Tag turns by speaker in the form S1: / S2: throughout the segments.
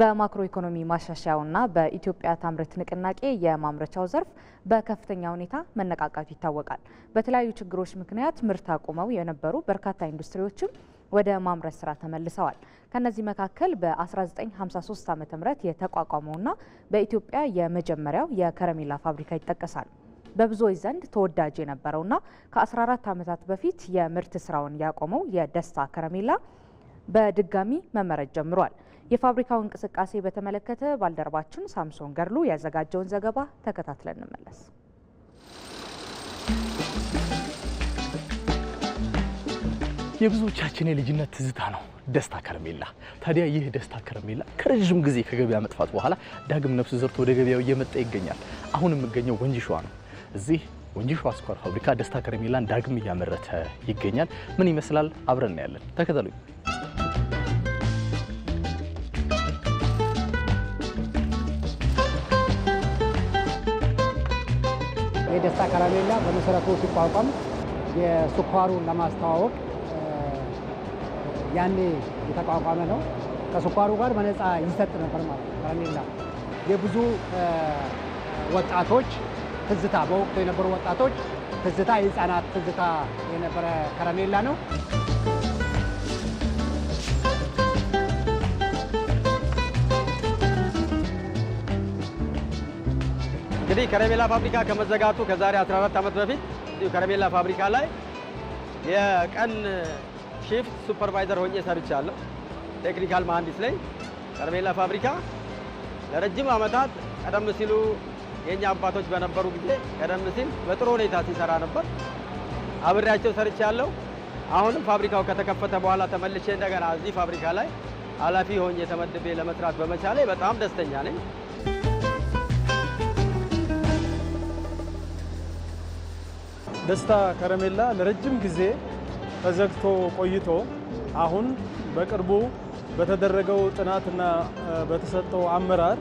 S1: በማክሮ ኢኮኖሚ ማሻሻያውና በኢትዮጵያ ታምርት ንቅናቄ የማምረቻው ዘርፍ በከፍተኛ ሁኔታ መነቃቃቱ ይታወቃል። በተለያዩ ችግሮች ምክንያት ምርት አቁመው የነበሩ በርካታ ኢንዱስትሪዎችም ወደ ማምረት ስራ ተመልሰዋል። ከነዚህ መካከል በ1953 ዓ ም የተቋቋመውና በኢትዮጵያ የመጀመሪያው የከረሜላ ፋብሪካ ይጠቀሳል። በብዙዎች ዘንድ ተወዳጅ የነበረውና ከ14 ዓመታት በፊት የምርት ስራውን ያቆመው የደስታ ከረሜላ በድጋሚ መመረት ጀምሯል። የፋብሪካው እንቅስቃሴ በተመለከተ ባልደረባችን ሳምሶን ገርሉ ያዘጋጀውን ዘገባ ተከታትለን እንመለስ።
S2: የብዙዎቻችን የልጅነት ትዝታ ነው ደስታ ከረሜላ። ታዲያ ይህ ደስታ ከረሜላ ከረዥም ጊዜ ከገበያ መጥፋት በኋላ ዳግም ነፍስ ዘርቶ ወደ ገበያው እየመጣ ይገኛል። አሁን የምገኘው ወንጂ ሸዋ ነው። እዚህ ወንጂ ሸዋ ስኳር ፋብሪካ ደስታ ከረሜላን ዳግም እያመረተ ይገኛል። ምን ይመስላል? አብረን እናያለን። ተከተሉኝ።
S3: የደስታ ከረሜላ በመሰረቱ ሲቋቋም የስኳሩን ለማስተዋወቅ ያኔ የተቋቋመ ነው። ከስኳሩ ጋር በነፃ ይሰጥ ነበር ማለት ነው። ከረሜላ የብዙ ወጣቶች ትዝታ፣ በወቅቱ የነበሩ ወጣቶች ትዝታ፣ የህፃናት ትዝታ የነበረ ከረሜላ ነው። እንግዲህ ከረሜላ ፋብሪካ ከመዘጋቱ ከዛሬ 14 ዓመት በፊት ከረሜላ ፋብሪካ ላይ የቀን ሺፍት ሱፐርቫይዘር ሆኜ ሰርቻለሁ። ቴክኒካል መሐንዲስ ላይ ከረሜላ ፋብሪካ ለረጅም ዓመታት ቀደም ሲሉ የእኛ አባቶች በነበሩ ጊዜ ቀደም ሲል በጥሩ ሁኔታ ሲሰራ ነበር። አብሬያቸው ሰርቻለሁ። አሁንም ፋብሪካው ከተከፈተ በኋላ ተመልሼ እንደገና እዚህ ፋብሪካ ላይ ኃላፊ ሆኜ ተመድቤ ለመስራት በመቻሌ በጣም ደስተኛ ነኝ።
S4: ደስታ ከረሜላ ለረጅም ጊዜ ተዘግቶ ቆይቶ አሁን በቅርቡ በተደረገው ጥናትና በተሰጠው አመራር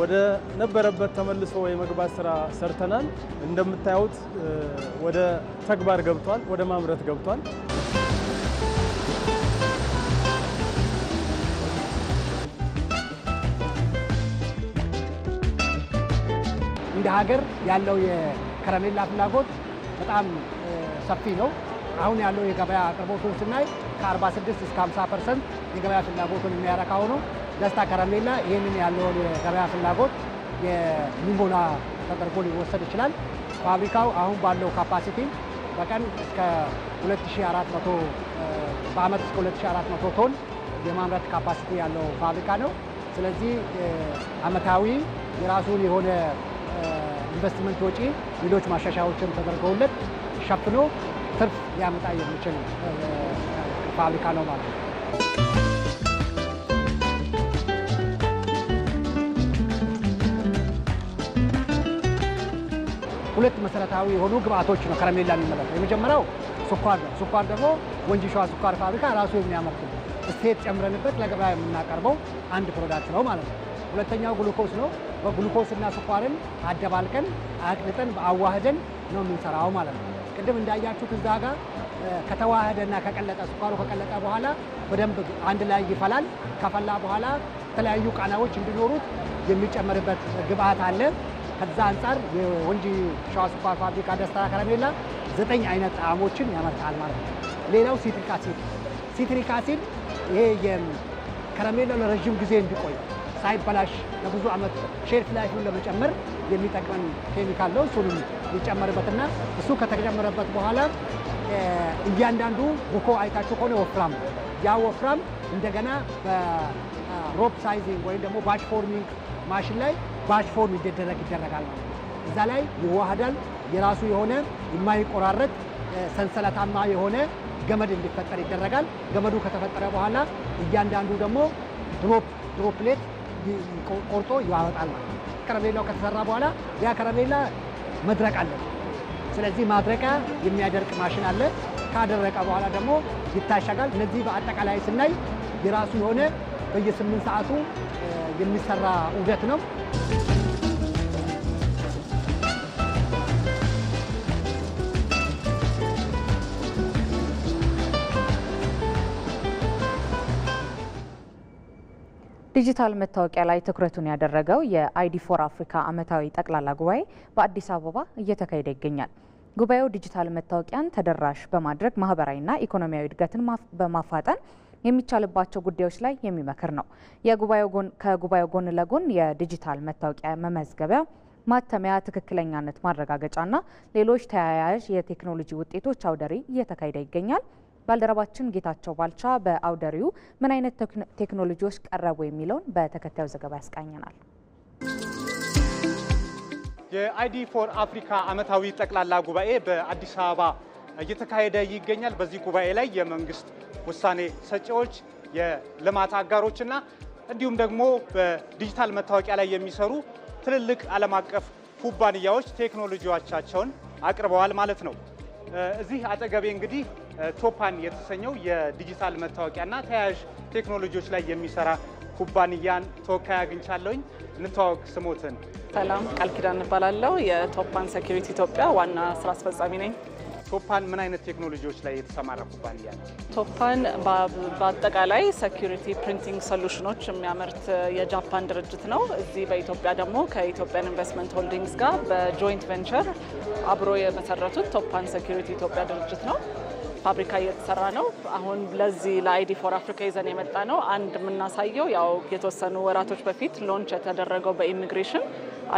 S4: ወደ ነበረበት ተመልሶ የመግባት ስራ ሰርተናል። እንደምታዩት ወደ ተግባር ገብቷል፣ ወደ ማምረት ገብቷል።
S3: እንደ ሀገር ያለው የከረሜላ ፍላጎት በጣም ሰፊ ነው። አሁን ያለው የገበያ አቅርቦቱን ስናይ ከ46 እስከ 50 ፐርሰንት የገበያ ፍላጎቱን የሚያረካ ሆኖ ደስታ ከረሜላ ይህንን ያለውን የገበያ ፍላጎት የሚሞላ ተደርጎ ሊወሰድ ይችላል። ፋብሪካው አሁን ባለው ካፓሲቲ በቀን እስከ 2400 በአመት እስከ 2400 ቶን የማምረት ካፓሲቲ ያለው ፋብሪካ ነው። ስለዚህ አመታዊ የራሱን የሆነ ኢንቨስትመንት ወጪ፣ ሌሎች ማሻሻያዎችን ተደርገውለት ሸፍኖ ትርፍ ሊያመጣ የሚችል ፋብሪካ ነው ማለት ነው። ሁለት መሰረታዊ የሆኑ ግብአቶች ነው ከረሜላ የሚመረተው። የመጀመሪያው ስኳር ነው። ስኳር ደግሞ ወንጂ ሸዋ ስኳር ፋብሪካ ራሱ የሚያመርት ስቴት ጨምረንበት ለገበያ የምናቀርበው አንድ ፕሮዳክት ነው ማለት ነው። ሁለተኛው ግሉኮስ ነው። በግሉኮስ እና ስኳርን አደባልቀን አቅልጠን አዋህደን ነው የምንሰራው ማለት ነው። ቅድም እንዳያችሁት እዛ ጋር ከተዋህደና ከቀለጠ ስኳሩ ከቀለጠ በኋላ በደንብ አንድ ላይ ይፈላል። ከፈላ በኋላ የተለያዩ ቃናዎች እንዲኖሩት የሚጨመርበት ግብአት አለ። ከዛ አንጻር የወንጂ ሸዋ ስኳር ፋብሪካ ደስታ ከረሜላ ዘጠኝ አይነት ጣዕሞችን ያመርታል ማለት ነው። ሌላው ሲትሪክ አሲድ፣ ሲትሪክ አሲድ ይሄ የከረሜላው ለረዥም ጊዜ እንዲቆይ ሳይበላሽ ለብዙ ዓመት ሼልፍ ላይፉን ለመጨመር የሚጠቅመን ኬሚካል ነው። እሱንም ይጨመርበትና እሱ ከተጨመረበት በኋላ እያንዳንዱ ቡኮ አይታችሁ ከሆነ ወፍራም ያ ወፍራም እንደገና በሮፕ ሳይዚንግ ወይም ደግሞ ባች ፎርሚንግ ማሽን ላይ ባች ፎርም ይደረግ ይደረጋል ማለት ነው። እዛ ላይ ይዋሃዳል። የራሱ የሆነ የማይቆራረጥ ሰንሰለታማ የሆነ ገመድ እንዲፈጠር ይደረጋል። ገመዱ ከተፈጠረ በኋላ እያንዳንዱ ደግሞ ድሮፕ ድሮፕሌት ቆርጦ ያወጣል ማለት ነው። ከረሜላው ከተሰራ በኋላ ያ ከረሜላ መድረቅ አለ። ስለዚህ ማድረቂያ የሚያደርቅ ማሽን አለ። ካደረቀ በኋላ ደግሞ ይታሸጋል። እነዚህ በአጠቃላይ ስናይ የራሱ የሆነ በየስምንት ሰዓቱ የሚሰራ ዑደት ነው።
S1: ዲጂታል መታወቂያ ላይ ትኩረቱን ያደረገው የአይዲ ፎር አፍሪካ ዓመታዊ ጠቅላላ ጉባኤ በአዲስ አበባ እየተካሄደ ይገኛል። ጉባኤው ዲጂታል መታወቂያን ተደራሽ በማድረግ ማህበራዊና ኢኮኖሚያዊ እድገትን በማፋጠን የሚቻልባቸው ጉዳዮች ላይ የሚመክር ነው። ከጉባኤው ጎን ለጎን የዲጂታል መታወቂያ መመዝገቢያ፣ ማተሚያ፣ ትክክለኛነት ማረጋገጫና ሌሎች ተያያዥ የቴክኖሎጂ ውጤቶች አውደ ርዕይ እየተካሄደ ይገኛል። ባልደረባችን ጌታቸው ባልቻ በአውደሪው ምን አይነት ቴክኖሎጂዎች ቀረቡ የሚለውን በተከታዩ ዘገባ ያስቃኘናል።
S3: የአይዲ ፎር አፍሪካ ዓመታዊ ጠቅላላ ጉባኤ በአዲስ አበባ እየተካሄደ ይገኛል። በዚህ ጉባኤ ላይ የመንግስት ውሳኔ ሰጪዎች፣ የልማት አጋሮችና እንዲሁም ደግሞ በዲጂታል መታወቂያ ላይ የሚሰሩ ትልልቅ ዓለም አቀፍ ኩባንያዎች ቴክኖሎጂዎቻቸውን አቅርበዋል ማለት ነው። እዚህ አጠገቤ እንግዲህ ቶፓን የተሰኘው የዲጂታል መታወቂያና ተያያዥ ቴክኖሎጂዎች ላይ የሚሰራ ኩባንያን ተወካይ አግኝቻለሁኝ። እንተዋወቅ ስሞትን።
S5: ሰላም ቃል ኪዳን እባላለሁ። የቶፓን ሴኪሪቲ ኢትዮጵያ ዋና ስራ አስፈጻሚ ነኝ።
S3: ቶፓን ምን አይነት ቴክኖሎጂዎች ላይ የተሰማራ ኩባንያ ነው?
S5: ቶፓን በአጠቃላይ ሴኪሪቲ ፕሪንቲንግ ሶሉሽኖች የሚያመርት የጃፓን ድርጅት ነው። እዚህ በኢትዮጵያ ደግሞ ከኢትዮጵያን ኢንቨስትመንት ሆልዲንግስ ጋር በጆይንት ቬንቸር አብሮ የመሰረቱት ቶፓን ሴኪሪቲ ኢትዮጵያ ድርጅት ነው። ፋብሪካ እየተሰራ ነው። አሁን ለዚህ ለአይዲ ፎር አፍሪካ ይዘን የመጣ ነው። አንድ የምናሳየው ያው የተወሰኑ ወራቶች በፊት ሎንች የተደረገው በኢሚግሬሽን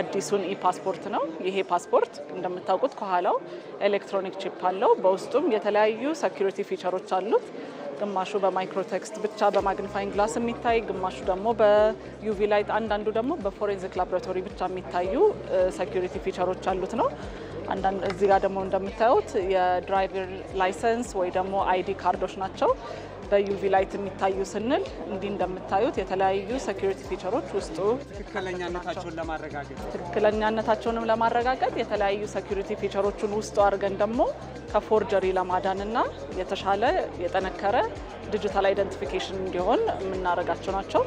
S5: አዲሱን ኢፓስፖርት ነው። ይሄ ፓስፖርት እንደምታውቁት ከኋላው ኤሌክትሮኒክ ቺፕ አለው። በውስጡም የተለያዩ ሰኪሪቲ ፊቸሮች አሉት። ግማሹ በማይክሮቴክስት ብቻ በማግኒፋይንግ ግላስ የሚታይ ግማሹ ደግሞ በዩቪ ላይት፣ አንዳንዱ ደግሞ በፎሬንዚክ ላቦራቶሪ ብቻ የሚታዩ ሰኪሪቲ ፊቸሮች አሉት ነው አንዳንድ እዚህ ጋር ደግሞ እንደምታዩት የድራይቨር ላይሰንስ ወይ ደግሞ አይዲ ካርዶች ናቸው። በዩቪ ላይት የሚታዩ ስንል እንዲህ እንደምታዩት የተለያዩ ሴኩሪቲ ፊቸሮች ውስጡ
S3: ትክክለኛነታቸውን ለማረጋገጥ
S5: ትክክለኛነታቸውንም ለማረጋገጥ የተለያዩ ሴኩሪቲ ፊቸሮቹን ውስጡ አድርገን ደግሞ ከፎርጀሪ ለማዳንና የተሻለ የጠነከረ ዲጂታል አይደንቲፊኬሽን እንዲሆን የምናደርጋቸው ናቸው።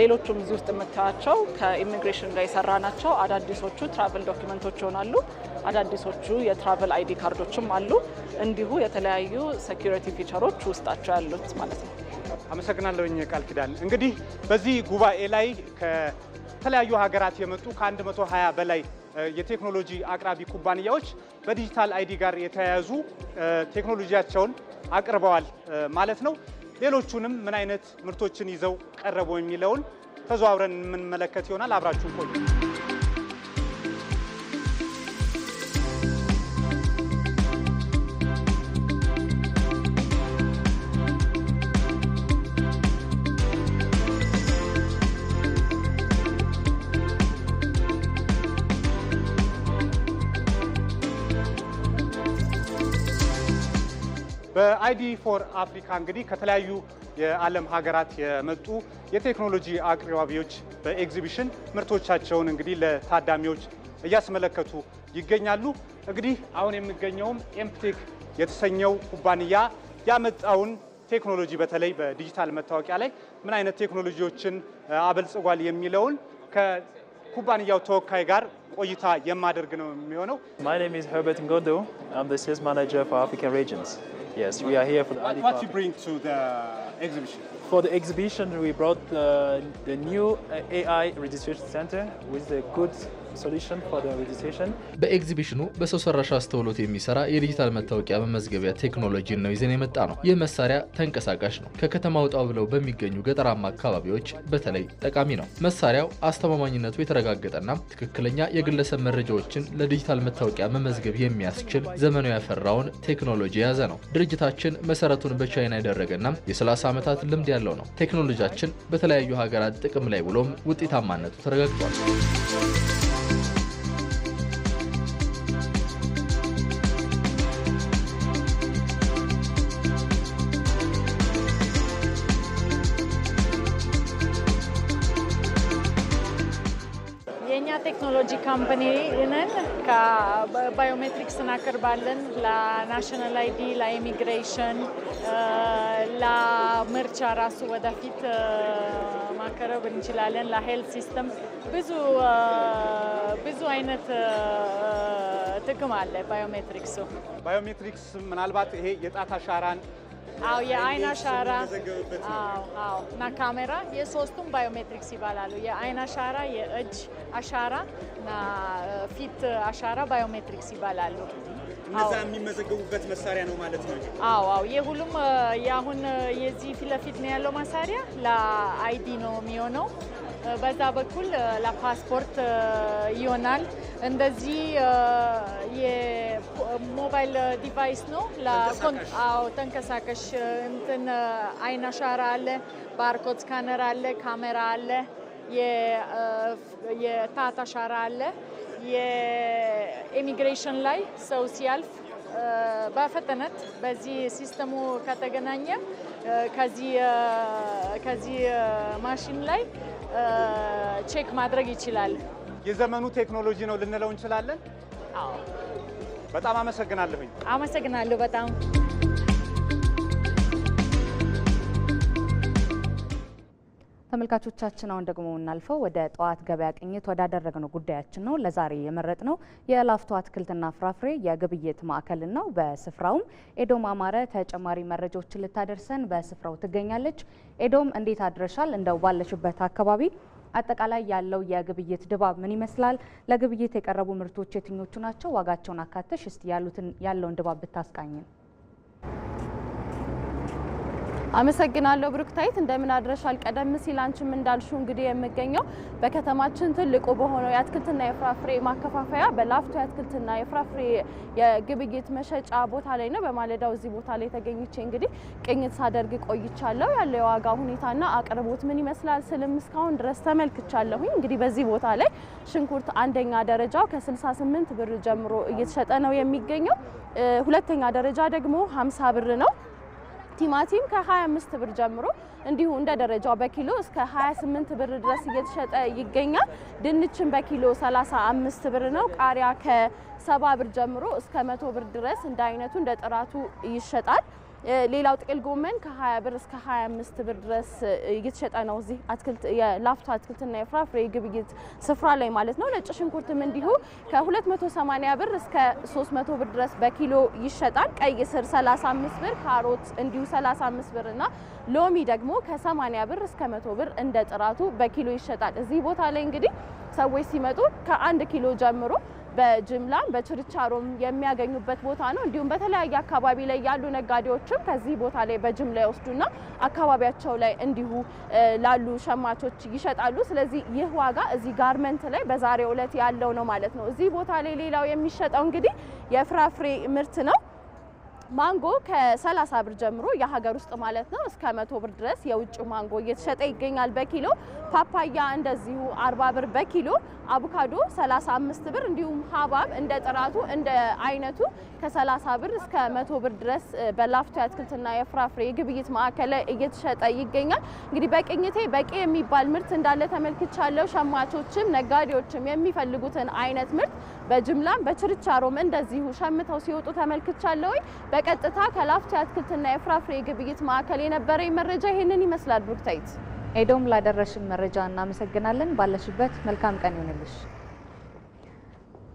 S5: ሌሎቹም እዚህ ውስጥ የምታያቸው ከኢሚግሬሽን ጋር የሰራ ናቸው። አዳዲሶቹ ትራቨል ዶኪመንቶች ይሆናሉ። አዳዲሶቹ የትራቨል አይዲ ካርዶችም አሉ። እንዲሁ የተለያዩ ሴኩሪቲ ፊቸሮች ውስጣቸው ያሉት ማለት ነው።
S3: አመሰግናለሁኝ ቃል ኪዳን። እንግዲህ በዚህ ጉባኤ ላይ ከተለያዩ ሀገራት የመጡ ከ120 በላይ የቴክኖሎጂ አቅራቢ ኩባንያዎች በዲጂታል አይዲ ጋር የተያያዙ ቴክኖሎጂያቸውን አቅርበዋል ማለት ነው። ሌሎቹንም ምን አይነት ምርቶችን ይዘው ቀረቡ የሚለውን ተዘዋውረን የምንመለከት ይሆናል። አብራችሁ ቆዩ። በአይዲ ፎር አፍሪካ እንግዲህ ከተለያዩ የዓለም ሀገራት የመጡ የቴክኖሎጂ አቅራቢዎች በኤግዚቢሽን ምርቶቻቸውን እንግዲህ ለታዳሚዎች እያስመለከቱ ይገኛሉ። እንግዲህ አሁን የሚገኘውም ኤምፕቴክ የተሰኘው ኩባንያ ያመጣውን ቴክኖሎጂ በተለይ በዲጂታል መታወቂያ ላይ ምን አይነት ቴክኖሎጂዎችን አበልጽጓል የሚለውን ከኩባንያው ተወካይ ጋር ቆይታ የማደርግ ነው የሚሆነው።
S6: My name is Herbert Ngondo. I'm the sales manager for African regions. Yes, we are here for the What,
S7: what you bring to the exhibition?
S6: For the exhibition, we brought the, uh, the new AI registration center with the good
S2: በኤግዚቢሽኑ በሰው ሰራሽ አስተውሎት የሚሰራ የዲጂታል መታወቂያ መመዝገቢያ ቴክኖሎጂን ነው ይዘን የመጣ ነው። ይህ መሳሪያ ተንቀሳቃሽ ነው። ከከተማ ውጣ ብለው በሚገኙ ገጠራማ አካባቢዎች በተለይ ጠቃሚ ነው። መሳሪያው አስተማማኝነቱ የተረጋገጠና ትክክለኛ የግለሰብ መረጃዎችን ለዲጂታል መታወቂያ መመዝገብ የሚያስችል ዘመኑ ያፈራውን ቴክኖሎጂ የያዘ ነው። ድርጅታችን መሰረቱን በቻይና ያደረገና የ30 ዓመታት ልምድ ያለው ነው። ቴክኖሎጂያችን በተለያዩ ሀገራት ጥቅም ላይ ብሎም ውጤታማነቱ ተረጋግጧል።
S8: እኛ ቴክኖሎጂ ካምፓኒ ነን። ከባዮሜትሪክስ እናቀርባለን ለናሽናል አይዲ፣ ለኢሚግሬሽን፣ ለምርጫ ራሱ ወደፊት ማቅረብ እንችላለን። ለሄልት ሲስተም ብዙ ብዙ አይነት ጥቅም አለ ባዮሜትሪክሱ።
S3: ባዮሜትሪክስ ምናልባት ይሄ የጣት አሻራን
S8: አዎ የአይን አሻራ አዎ እና ካሜራ የሶስቱም ባዮሜትሪክስ ይባላሉ። የአይን አሻራ፣ የእጅ አሻራ እና ፊት አሻራ ባዮሜትሪክስ ይባላሉ።
S3: እነዛ የሚመዘገቡበት መሳሪያ ነው ማለት ነው።
S8: አዎ አዎ የሁሉም የአሁን የዚህ ፊት ለፊት ነው ያለው መሳሪያ ለአይዲ ነው የሚሆነው በዛ በኩል ለፓስፖርት ይሆናል። እንደዚህ የሞባይል ዲቫይስ ነው። አዎ ተንቀሳቀሽ እንትን አይን አሻራ አለ፣ ባርኮድ ስካነር አለ፣ ካሜራ አለ፣ የጣት አሻራ አለ። የኢሚግሬሽን ላይ ሰው ሲያልፍ በፍጥነት በዚህ ሲስተሙ ከተገናኘ ከዚህ ማሽን ላይ ቼክ ማድረግ ይችላል።
S3: የዘመኑ ቴክኖሎጂ ነው ልንለው እንችላለን። በጣም አመሰግናለሁኝ።
S8: አመሰግናለሁ በጣም
S1: ተመልካቾቻችን አሁን ደግሞ እናልፈው ወደ ጠዋት ገበያ ቅኝት ወዳደረግነው ጉዳያችን ነው። ለዛሬ የመረጥ ነው የላፍቶ አትክልትና ፍራፍሬ የግብይት ማዕከል ነው። በስፍራውም ኤዶም አማረ ተጨማሪ መረጃዎችን ልታደርሰን በስፍራው ትገኛለች። ኤዶም እንዴት አድረሻል? እንደው ባለሽበት አካባቢ አጠቃላይ ያለው የግብይት ድባብ ምን ይመስላል? ለግብይት የቀረቡ ምርቶች የትኞቹ ናቸው? ዋጋቸውን አካተሽ እስቲ ያሉትን ያለውን ድባብ ብታስቃኝን።
S9: አመሰግናለሁ ብሩክታይት፣ እንደምን አድረሻል? ቀደም ሲል አንቺም እንዳልሽው እንግዲህ የምገኘው በከተማችን ትልቁ በሆነው የአትክልትና የፍራፍሬ ማከፋፈያ በላፍቶ የአትክልትና የፍራፍሬ የግብይት መሸጫ ቦታ ላይ ነው። በማለዳው እዚህ ቦታ ላይ ተገኝቼ እንግዲህ ቅኝት ሳደርግ ቆይቻለሁ። ያለው የዋጋ ሁኔታና አቅርቦት ምን ይመስላል ስልም እስካሁን ድረስ ተመልክቻለሁኝ። እንግዲህ በዚህ ቦታ ላይ ሽንኩርት አንደኛ ደረጃው ከ68 ብር ጀምሮ እየተሸጠ ነው የሚገኘው። ሁለተኛ ደረጃ ደግሞ 50 ብር ነው። ቲማቲም ከ25 ብር ጀምሮ እንዲሁ እንደ ደረጃው በኪሎ እስከ 28 ብር ድረስ እየተሸጠ ይገኛል። ድንችን በኪሎ 35 ብር ነው። ቃሪያ ከ70 ብር ጀምሮ እስከ 100 ብር ድረስ እንደ አይነቱ እንደ ጥራቱ ይሸጣል። ሌላው ጥቅል ጎመን ከ20 ብር እስከ 25 ብር ድረስ እየተሸጠ ነው። እዚህ አትክልት የላፍቶ አትክልትና የፍራፍሬ ግብይት ስፍራ ላይ ማለት ነው። ነጭ ሽንኩርትም እንዲሁ ከ280 ብር እስከ 300 ብር ድረስ በኪሎ ይሸጣል። ቀይ ስር 35 ብር፣ ካሮት እንዲሁ 35 ብር እና ሎሚ ደግሞ ከ80 ብር እስከ 100 ብር እንደ ጥራቱ በኪሎ ይሸጣል። እዚህ ቦታ ላይ እንግዲህ ሰዎች ሲመጡ ከአንድ ኪሎ ጀምሮ በጅምላም በችርቻሮም የሚያገኙበት ቦታ ነው። እንዲሁም በተለያየ አካባቢ ላይ ያሉ ነጋዴዎችም ከዚህ ቦታ ላይ በጅምላ ይወስዱና አካባቢያቸው ላይ እንዲሁ ላሉ ሸማቾች ይሸጣሉ። ስለዚህ ይህ ዋጋ እዚህ ጋርመንት ላይ በዛሬው ዕለት ያለው ነው ማለት ነው። እዚህ ቦታ ላይ ሌላው የሚሸጠው እንግዲህ የፍራፍሬ ምርት ነው። ማንጎ ከ30 ብር ጀምሮ የሀገር ውስጥ ማለት ነው እስከ መቶ ብር ድረስ የውጭ ማንጎ እየተሸጠ ይገኛል በኪሎ። ፓፓያ እንደዚሁ 40 ብር በኪሎ አቮካዶ 35 ብር እንዲሁም ሀባብ እንደ ጥራቱ እንደ አይነቱ ከ30 ብር እስከ 100 ብር ድረስ በላፍቶ የአትክልትና የፍራፍሬ የግብይት ማዕከል እየተሸጠ ይገኛል። እንግዲህ በቅኝቴ በቂ የሚባል ምርት እንዳለ ተመልክቻለሁ። ሸማቾችም ነጋዴዎችም የሚፈልጉትን አይነት ምርት በጅምላም በችርቻሮም እንደዚሁ ሸምተው ሲወጡ ተመልክቻለሁ። በቀጥታ ከላፍቶ የአትክልትና የፍራፍሬ የግብይት ማዕከል የነበረ መረጃ ይህንን ይመስላል። ቡርታይት
S1: ኤዶም ላደረሽን መረጃ እናመሰግናለን። ባለሽበት መልካም ቀን ይሁንልሽ።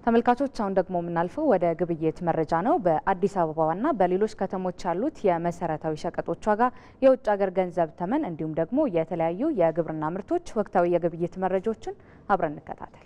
S1: ተመልካቾች አሁን ደግሞ የምናልፈው ወደ ግብይት መረጃ ነው። በአዲስ አበባና በሌሎች ከተሞች ያሉት የመሰረታዊ ሸቀጦች ዋጋ፣ የውጭ ሀገር ገንዘብ ተመን እንዲሁም ደግሞ የተለያዩ የግብርና ምርቶች ወቅታዊ የግብይት መረጃዎችን አብረን እንከታተል።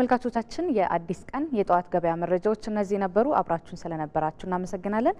S1: ተመልካቾቻችን የአዲስ ቀን የጠዋት ገበያ መረጃዎች እነዚህ ነበሩ። አብራችሁን ስለነበራችሁ እናመሰግናለን።